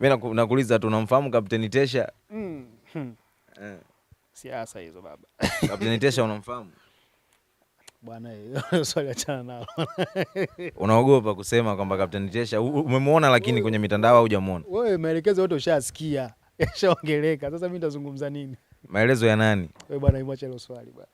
Mimi nakuuliza tu, unamfahamu Kapteni Tesha? Mm. Hmm. Eh. Siasa hizo baba. Kapteni Tesha unamfahamu? Bwana swali achana nalo. Unaogopa kusema kwamba Kapteni Tesha umemwona, lakini kwenye mitandao haujamuona. Wewe maelekezo yote ushasikia, yashaongeleka. Sasa mimi nitazungumza nini? Maelezo ya nani? Wewe bwana, imwache hilo swali bwana.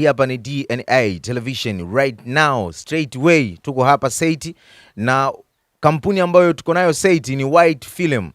hii hapa ni DNA Television right now straight way, tuko hapa saiti na kampuni ambayo tuko nayo saiti ni White Film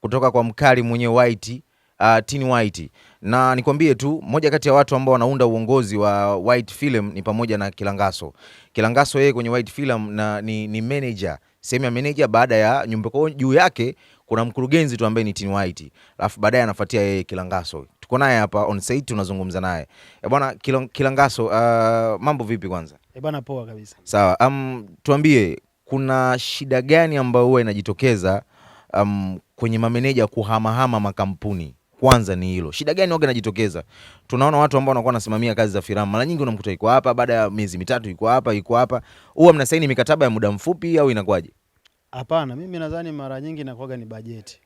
kutoka kwa mkali mwenye White Uh, Tin White na nikwambie tu, moja kati ya watu ambao wanaunda uongozi wa White Film ni pamoja na Kilangaso. Kilangaso yeye kwenye White Film na ni, ni manager sehemu ya manager, baada ya nyumba juu yake kuna mkurugenzi tu ambaye ni Tin White, alafu baadaye anafuatia yeye Kilangaso. Tuko naye hapa on site tunazungumza naye. Eh, bwana Kilangaso, uh, mambo vipi kwanza? Eh, bwana poa kabisa. Sawa. Um, tuambie kuna shida gani ambayo huwa inajitokeza um, kwenye mameneja kuhamahama makampuni? Kwanza ni hilo, shida gani waga inajitokeza? Tunaona watu ambao wanakuwa wanasimamia kazi za filamu, mara nyingi unamkuta iko hapa, baada ya miezi mitatu iko hapa, iko hapa. Huwa mnasaini mikataba ya muda mfupi au inakuwaje? Hapana, mimi nadhani mara nyingi inakuwaga ni bajeti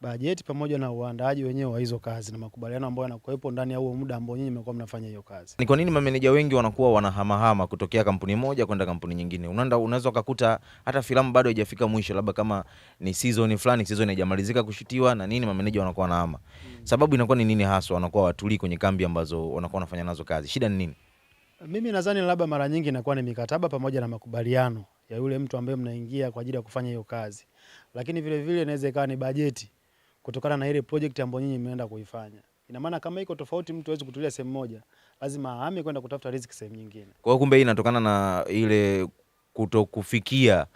bajeti pamoja na uandaaji wenyewe wa hizo kazi na makubaliano ambayo yanakuwepo ndani ya huo muda ambao nyinyi mmekuwa mnafanya hiyo kazi. Ni kwa nini mameneja wengi wanakuwa wanahamahama kutokea kampuni moja kwenda kampuni nyingine? Unaenda unaweza ukakuta hata filamu bado haijafika mwisho, labda kama ni season fulani, season haijamalizika kushutiwa na nini, mameneja wanakuwa wanahama. Hmm. Sababu inakuwa ni nini hasa wanakuwa watulii kwenye kambi ambazo wanakuwa wanafanya nazo kazi? Shida ni nini? Mimi nadhani labda mara nyingi inakuwa ni mikataba pamoja na makubaliano ya yule mtu ambaye mnaingia kwa ajili ya kufanya hiyo kazi, lakini vilevile inaweza ikawa ni bajeti kutokana na ile project ambayo nyinyi mmeenda kuifanya. Ina maana kama iko tofauti, mtu hawezi kutulia sehemu moja, lazima ahame kwenda kutafuta riziki sehemu nyingine. Kwa hiyo kumbe hii inatokana na ile kutokufikia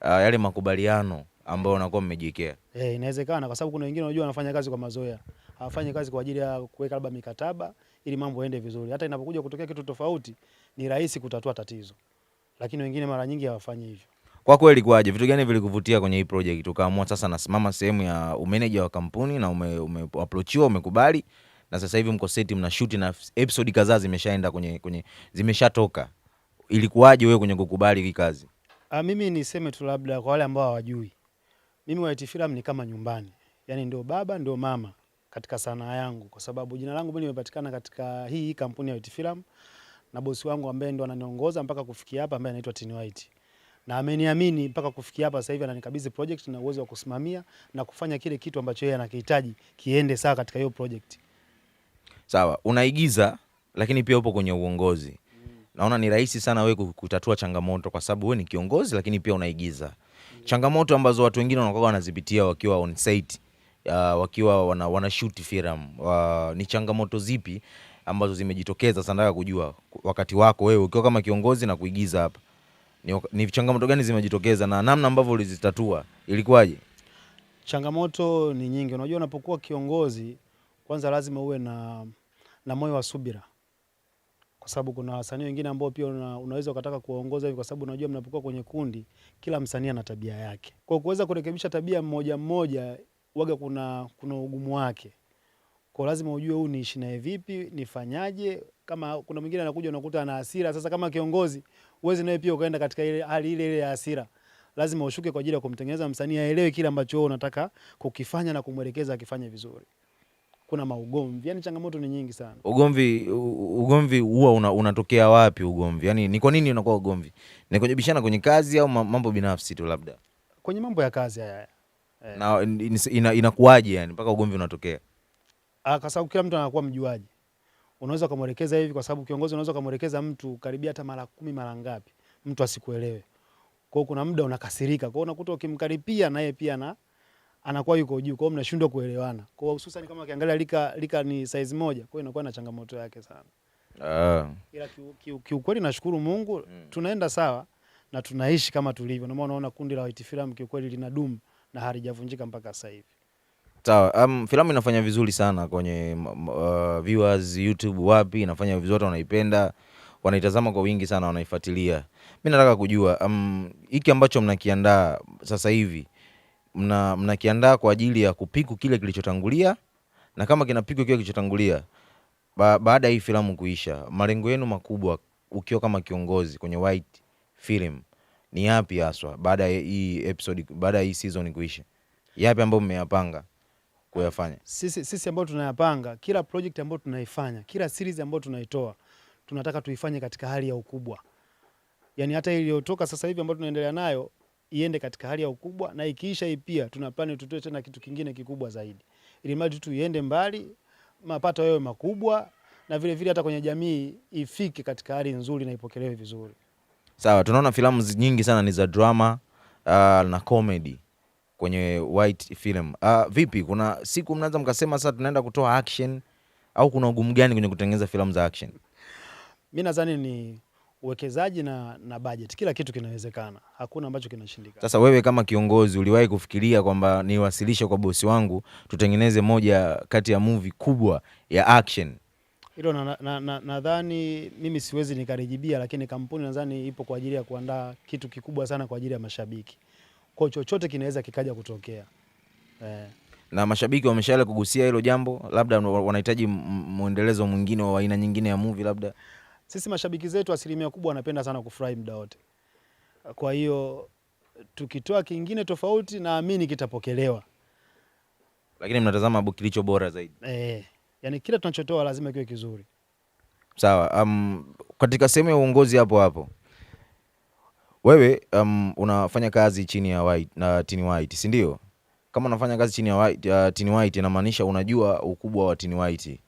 uh, yale makubaliano ambayo unakuwa mmejiwekea. Eh, inawezekana kwa sababu kuna wengine unajua wanafanya kazi kwa mazoea, hawafanyi kazi kwa ajili ya kuweka labda mikataba ili mambo yaende vizuri. Hata inapokuja kutokea kitu tofauti, ni rahisi kutatua tatizo, lakini wengine mara nyingi hawafanyi hivyo kwako ilikuwaje? Vitu gani vilikuvutia kwenye hii project ukaamua sasa nasimama sehemu ya umeneja wa kampuni na ume, ume approachiwa umekubali, na sasa hivi mko seti mna shoot na episode kadhaa zimeshaenda kwenye, kwenye zimeshatoka. Ilikuwaje wewe kwenye kukubali hii kazi? A, ah, mimi niseme tu labda kwa wale ambao hawajui, mimi White Film ni kama nyumbani, yaani ndio baba ndio mama katika sanaa yangu, kwa sababu jina langu mimi limepatikana katika hii kampuni ya White Film na bosi wangu ambaye ndo ananiongoza mpaka kufikia hapa ambaye anaitwa Tini White na ameniamini mpaka kufikia hapa sasa hivi, ananikabidhi project na uwezo wa kusimamia na kufanya kile kitu ambacho yeye anakihitaji kiende sawa katika hiyo project. Sawa, unaigiza lakini pia upo kwenye uongozi Naona ni rahisi sana wewe kutatua changamoto kwa sababu wewe ni kiongozi lakini pia unaigiza mm. Changamoto ambazo watu wengine wanakuwa wanazipitia wakiwa on site uh, wakiwa wana, wana shoot film uh, ni changamoto zipi ambazo zimejitokeza? Sana kujua wakati wako wewe ukiwa kama kiongozi na kuigiza hapa ni, ni changamoto gani zimejitokeza na namna ambavyo ulizitatua ilikuwaje? Changamoto ni nyingi. Unajua, unapokuwa kiongozi kwanza lazima uwe na, na moyo wa subira, kwa sababu kuna wasanii wengine ambao pia una, unaweza ukataka kuwaongoza hivi, kwa sababu unajua mnapokuwa kwenye kundi kila msanii ana tabia yake, kwa kuweza kurekebisha tabia mmoja mmoja waga kuna, kuna ugumu wake, kwa lazima ujue huu niishi naye vipi, nifanyaje. Kama kuna mwingine anakuja unakuta ana hasira, sasa kama kiongozi Uwezi nawe pia ukaenda katika ile hali ile ile ya hasira. Lazima ushuke kwa ajili ya kumtengeneza msanii aelewe kile ambacho wewe unataka kukifanya na kumwelekeza akifanye vizuri. Kuna maugomvi, yani changamoto ni nyingi sana. Ugomvi ugomvi huwa una, unatokea wapi ugomvi? yani ni kwa nini unakuwa ugomvi? Ni kujibishana kwenye kazi au mambo binafsi tu labda? Kwenye mambo ya kazi haya. Na ina, ina yani mpaka ugomvi unatokea? Ah, kwa sababu kila mtu anakuwa mjuaji unaweza ukamwelekeza hivi, kwa sababu kiongozi unaweza ukamwelekeza mtu karibia hata mara kumi mara ngapi, mtu asikuelewe. Kwa hiyo kuna muda unakasirika, kwa hiyo unakuta ukimkaripia naye pia na anakuwa yuko juu, kwa hiyo mnashindwa kuelewana. Kwa hiyo hususan kama ukiangalia lika lika ni size moja, kwa hiyo inakuwa na changamoto yake sana. Ah. Ila kiukweli nashukuru Mungu mm, tunaenda sawa na tunaishi kama tulivyo. Ndio maana unaona kundi la White Film kiukweli linadumu na halijavunjika mpaka sasa hivi. Sawa, um, filamu inafanya vizuri sana kwenye uh, viewers YouTube, wapi inafanya vizuri, watu wanaipenda, wanaitazama kwa wingi sana, wanaifuatilia. Mi nataka kujua um, hiki ambacho mnakiandaa sasa hivi mna, mnakiandaa kwa ajili ya kupiku kile kilichotangulia, na kama kinapikwa kile kilichotangulia ba, baada ya hii filamu kuisha, malengo yenu makubwa ukiwa kama kiongozi kwenye White Film ni yapi haswa baada ya hii episode, baada ya hii season kuisha, yapi ambayo mmeyapanga? kuyafanya. Sisi, sisi ambao tunayapanga kila project ambayo tunaifanya kila series ambayo tunaitoa tunataka tuifanye katika hali ya ukubwa, yani hata iliyotoka sasa hivi ambayo tunaendelea nayo iende katika hali ya ukubwa, na ikiisha hii pia tuna plani tutoe tena kitu kingine kikubwa zaidi, ili mradi tu iende mbali, mapato yawe makubwa, na vile vile hata kwenye jamii ifike katika hali nzuri na ipokelewe vizuri. Sawa, tunaona filamu nyingi sana ni za drama uh, na comedy kwenye white film. Uh, vipi, kuna siku mnaanza mkasema sasa tunaenda kutoa action au kuna ugumu gani kwenye kutengeneza filamu za action? Mimi nadhani ni uwekezaji na, na budget. Kila kitu kinawezekana, hakuna ambacho kinashindikana. Sasa wewe kama kiongozi uliwahi kufikiria kwamba niwasilishe kwa bosi wangu tutengeneze moja kati ya movie kubwa ya action? Hilo nadhani na, na, na, na mimi siwezi nikarijibia, lakini kampuni nadhani ipo kwa ajili ya kuandaa kitu kikubwa sana kwa ajili ya mashabiki kwa chochote kinaweza kikaja kutokea eh. Na mashabiki wameshaela kugusia hilo jambo, labda wanahitaji mwendelezo mwingine wa aina nyingine ya movie. Labda sisi mashabiki zetu asilimia kubwa wanapenda sana kufurahi muda wote, kwa hiyo tukitoa kingine tofauti naamini kitapokelewa, lakini mnatazama kilicho bora zaidi eh, yani kila tunachotoa lazima kiwe kizuri. Sawa. Um, katika sehemu ya uongozi hapo hapo wewe um, unafanya kazi chini ya White, na Tini White si ndio? Kama unafanya kazi chini ya White, uh, Tini White inamaanisha unajua ukubwa wa Tini White.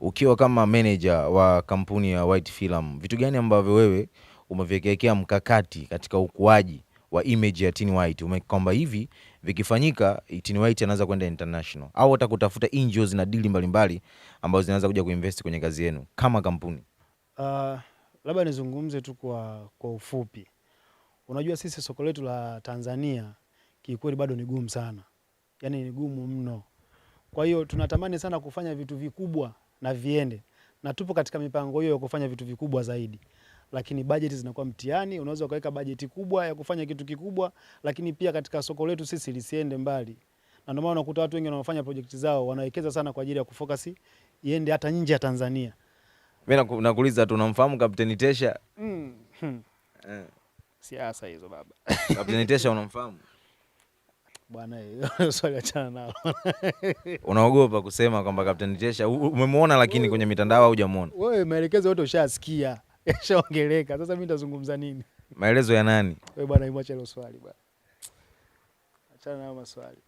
Ukiwa kama manager wa kampuni ya White Film, vitu gani ambavyo wewe umeviwekea mkakati katika ukuaji wa image ya Tini White kwamba hivi vikifanyika Tini White anaweza kwenda international au hata kutafuta NGOs na deal mbalimbali ambazo zinaweza kuja kuinvest kwenye kazi yenu kama kampuni? Uh, labda nizungumze tu kwa, kwa ufupi Unajua sisi soko letu la Tanzania kiukweli bado ni gumu sana, yaani ni gumu mno. Kwa hiyo tunatamani sana kufanya vitu vikubwa na viende, na tupo katika mipango hiyo ya kufanya vitu vikubwa zaidi, lakini bajeti zinakuwa mtihani. Unaweza ukaweka bajeti kubwa ya kufanya kitu kikubwa, lakini pia katika soko letu sisi lisiende mbali, na ndio maana unakuta watu wengi wanaofanya projekti zao wanawekeza sana kwa ajili ya kufokasi iende hata nje ya Tanzania. Mimi nakuuliza tu, unamfahamu Kapteni Tesha? mm. hmm. eh siasa hizo baba. Captain unamfahamu? Bwana swali achana nalo. Unaogopa kusema kwamba Captain Itesha umemwona, lakini kwenye mitandao au hujamwona. Wewe maelekezo yote ushasikia, yashaongeleka. Sasa mimi nitazungumza nini? Maelezo ya nani? Wewe bwana, imwache hilo swali bwana. Achana nayo maswali.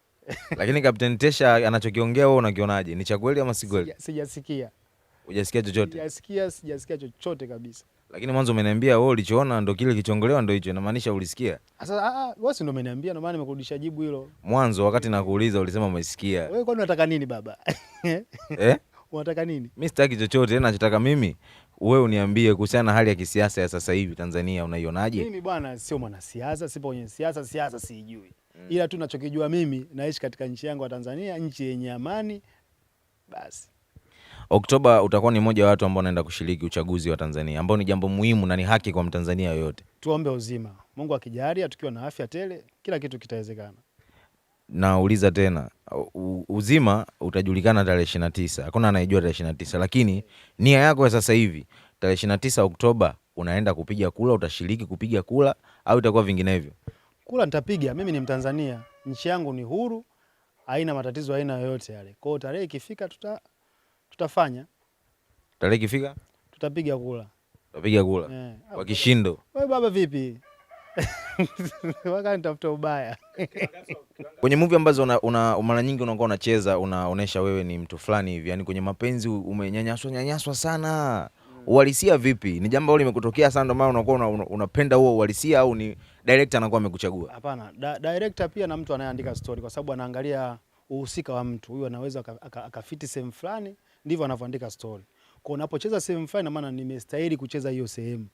Lakini Captain Tesha anachokiongea wewe unakionaje? Ni cha kweli ama si kweli? Sijasikia. Hujasikia chochote? Sijasikia, sijasikia chochote kabisa. Lakini mwanzo umeniambia wewe ulichoona ndo kile kichongolewa ndo hicho, inamaanisha ulisikia? Sasa ah, ah, wewe si ndo umeniambia, ndo maana nimekurudisha jibu hilo. Mwanzo wakati nakuuliza ulisema umesikia. Wewe kwani unataka nini baba? Eh? Unataka nini? Mimi sitaki chochote, nachotaka mimi wewe uniambie kuhusiana na hali ya kisiasa ya sasa hivi Tanzania unaionaje? Mimi bwana sio mwanasiasa, sipo kwenye siasa, siasa siijui. Mm. Ila tu nachokijua mimi naishi katika nchi yangu ya Tanzania, nchi yenye amani basi. Oktoba utakuwa ni mmoja wa watu ambao wanaenda kushiriki uchaguzi wa Tanzania ambao ni jambo muhimu na ni haki kwa Mtanzania yoyote. Tuombe uzima, Mungu akijalia, tukiwa na afya tele, kila kitu kitawezekana. Nauliza tena, uzima utajulikana tarehe ishirini na tisa. Hakuna anayejua tarehe ishirini na tisa, lakini nia yako ya sasa hivi tarehe ishirini na tisa Oktoba unaenda kupiga kula, utashiriki kupiga kula au itakuwa vinginevyo? Kula ntapiga, mimi, ni Mtanzania, nchi yangu ni huru, haina matatizo aina yoyote yale. Kwao tarehe ikifika tuta Tutafanya tarehe ikifika tutapiga kula, tutapiga kula yeah. kishindo. Wewe baba vipi? Waka nitafuta ubaya kwenye muvi ambazo una, una mara nyingi unakuwa unacheza unaonyesha wewe ni mtu fulani hivi, yani kwenye mapenzi umenyanyaswa nyanyaswa sana mm. Uhalisia vipi? Ni jambo limekutokea sana ndio maana unakuwa una, una, unapenda huo uhalisia au ni director anakuwa amekuchagua? Hapana, da, director pia na mtu anayeandika story, kwa sababu anaangalia uhusika wa mtu huyu, anaweza akafiti sehemu fulani ndivyo anavyoandika story. Kwa unapocheza sehemu fulani, maana nimestahili kucheza hiyo sehemu,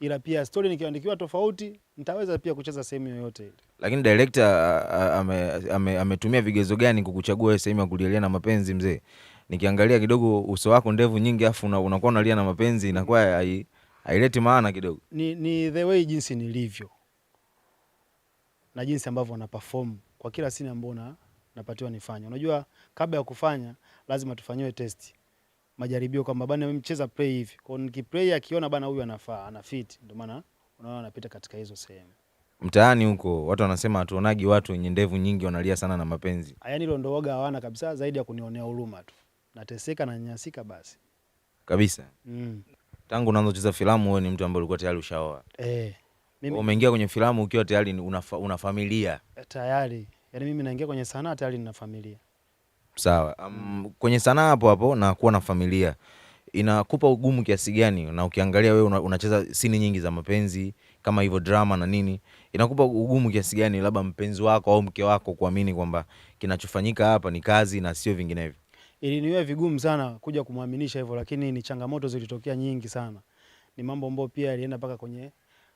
ila pia story nikiandikiwa tofauti, nitaweza pia kucheza sehemu yoyote ile. Lakini director ametumia ame, ame vigezo gani kukuchagua sehemu ya kulialia na mapenzi mzee? Nikiangalia kidogo uso wako, ndevu nyingi, afu unakuwa unalia na mapenzi, inakuwa haileti maana kidogo. Ni, ni the way jinsi nilivyo na jinsi ambavyo na perform kwa kila sini ambao napatiwa nifanye. Unajua kabla ya kufanya lazima tufanyiwe testi Majaribio kwamba bana mimi mcheza play hivi. Kwa hiyo nikiplay akiona bana huyu anafaa, ana fit, ndio maana unaona anapita katika hizo sehemu. Mtaani huko watu wanasema hatuonagi watu wenye ndevu nyingi wanalia sana na mapenzi. Ah, yaani hilo ndio woga hawana kabisa zaidi ya kunionea huruma tu. Nateseka na nyanyasika basi. Kabisa. Mm. Tangu unaanza kucheza filamu wewe ni mtu ambaye ulikuwa tayari ushaoa. Eh. Mimi umeingia kwenye filamu ukiwa tayari una, una familia. Eh, tayari yani mimi naingia kwenye sanaa tayari nina familia. Sawa. Um, kwenye sanaa hapo hapo na kuwa na familia inakupa ugumu kiasi gani? Na ukiangalia wewe unacheza una sini nyingi za mapenzi kama hivyo drama na nini, inakupa ugumu kiasi gani labda mpenzi wako au mke wako kuamini kwamba kinachofanyika hapa ni kazi na sio vinginevyo? Iliniwe vigumu sana kuja kumwaminisha hivyo, lakini ni changamoto zilitokea nyingi sana, ni mambo ambayo pia yalienda mpaka kwenye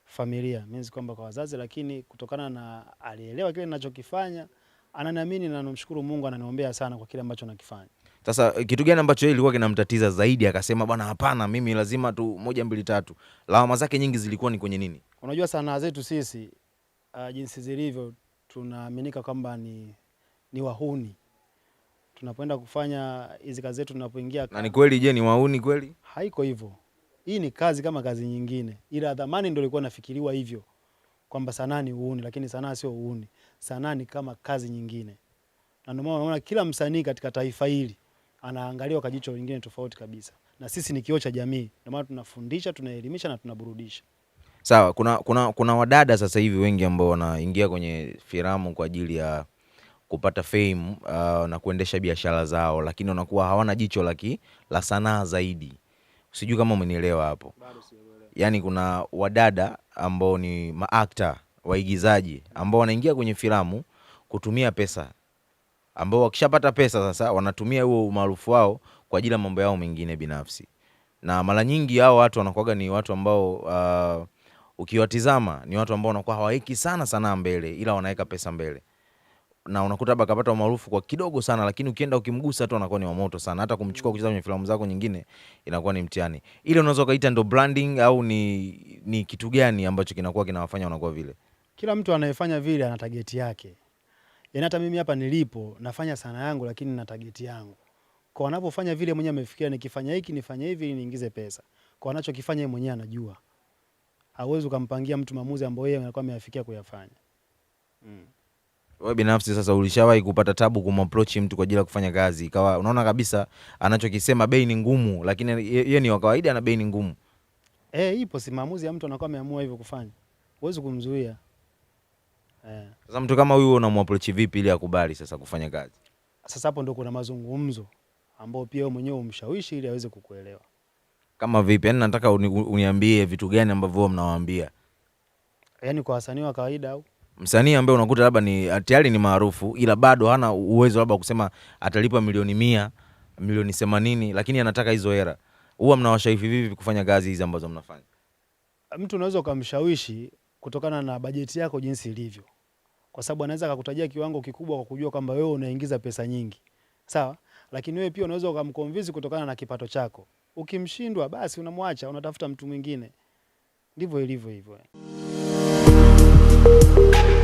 familia means kwamba kwa wazazi, lakini kutokana na alielewa kile ninachokifanya ananiamini na namshukuru Mungu, ananiombea sana kwa kile ambacho nakifanya. Sasa eh, kitu gani ambacho yeye ilikuwa kinamtatiza zaidi, akasema bwana, hapana, mimi lazima tu moja mbili tatu? Lawama zake nyingi zilikuwa ni kwenye nini? Unajua sanaa zetu sisi uh, jinsi zilivyo, tunaaminika kwamba ni, ni wahuni tunapoenda kufanya hizi kazi zetu tunapoingia. Na ni kweli? Je, ni wahuni kweli? Haiko hivyo hii ni kazi kama kazi nyingine, ila dhamani ndio ilikuwa nafikiriwa hivyo kwamba sanaa ni uuni, lakini sanaa sio uuni. Sanaa ni kama kazi nyingine, na ndio maana unaona kila msanii katika taifa hili anaangaliwa kwa jicho lingine tofauti kabisa, na sisi ni kioo cha jamii, ndio maana tunafundisha, tunaelimisha na tunaburudisha. Sawa, kuna, kuna, kuna wadada sasa hivi wengi ambao wanaingia kwenye filamu kwa ajili ya kupata fame uh, na kuendesha biashara zao, lakini wanakuwa hawana jicho la sanaa zaidi sijui kama umenielewa hapo. Yaani kuna wadada ambao ni maakta waigizaji ambao wanaingia kwenye filamu kutumia pesa, ambao wakishapata pesa sasa wanatumia huo umaarufu wao kwa ajili ya mambo yao mengine binafsi, na mara nyingi hao watu wanakuaga ni watu ambao uh, ukiwatizama ni watu ambao wanakuwa hawaweki sana sanaa mbele, ila wanaweka pesa mbele na unakuta labda kapata umaarufu kwa kidogo sana, lakini ukienda ukimgusa tu anakuwa ni wa moto sana, hata kumchukua kucheza kwenye filamu zako nyingine inakuwa ni mtihani. Ile unaweza ukaita ndo branding au ni, ni kitu gani ambacho kinakuwa kinawafanya wanakuwa vile? Kila mtu anayefanya vile ana tageti yake, Yani hata mimi hapa nilipo nafanya sana yangu, lakini na tageti yangu kwa wanapofanya vile mwenyewe amefikiria, nikifanya hiki nifanye hivi ili niingize pesa. Kwa anachokifanya yeye mwenyewe anajua, hauwezi ukampangia mtu maamuzi ambayo yeye anakuwa ameyafikia kuyafanya mm wewe binafsi sasa ulishawahi kupata tabu kumapproach mtu kwa ajili ya kufanya kazi, ikawa unaona kabisa anachokisema bei ni ngumu, lakini yeye ni wa kawaida na bei ni ngumu? E, ipo, si maamuzi ya mtu anakuwa ameamua hivyo kufanya, huwezi kumzuia. Eh, sasa mtu kama huyu unamapproach vipi ili akubali sasa kufanya kazi? Sasa hapo ndo kuna mazungumzo ambao pia wewe mwenyewe umshawishi ili aweze kukuelewa. Kama vipi? Yani nataka uni, uniambie vitu gani ambavyo mnawaambia, yani kwa wasanii wa kawaida au msanii ambaye unakuta labda ni tayari ni maarufu, ila bado hana uwezo labda kusema atalipa milioni mia milioni themanini, lakini anataka hizo hera, huwa mnawashawishi vipi kufanya kazi hizi ambazo mnafanya? Mtu unaweza ukamshawishi kutokana na bajeti yako jinsi ilivyo, kwa sababu anaweza akakutajia kiwango kikubwa kwa kujua kwamba wewe unaingiza pesa nyingi, sawa. Lakini wewe pia unaweza ukamconvince kutokana na kipato chako. Ukimshindwa basi unamwacha, unatafuta mtu mwingine. Ndivyo ilivyo hivyo. Música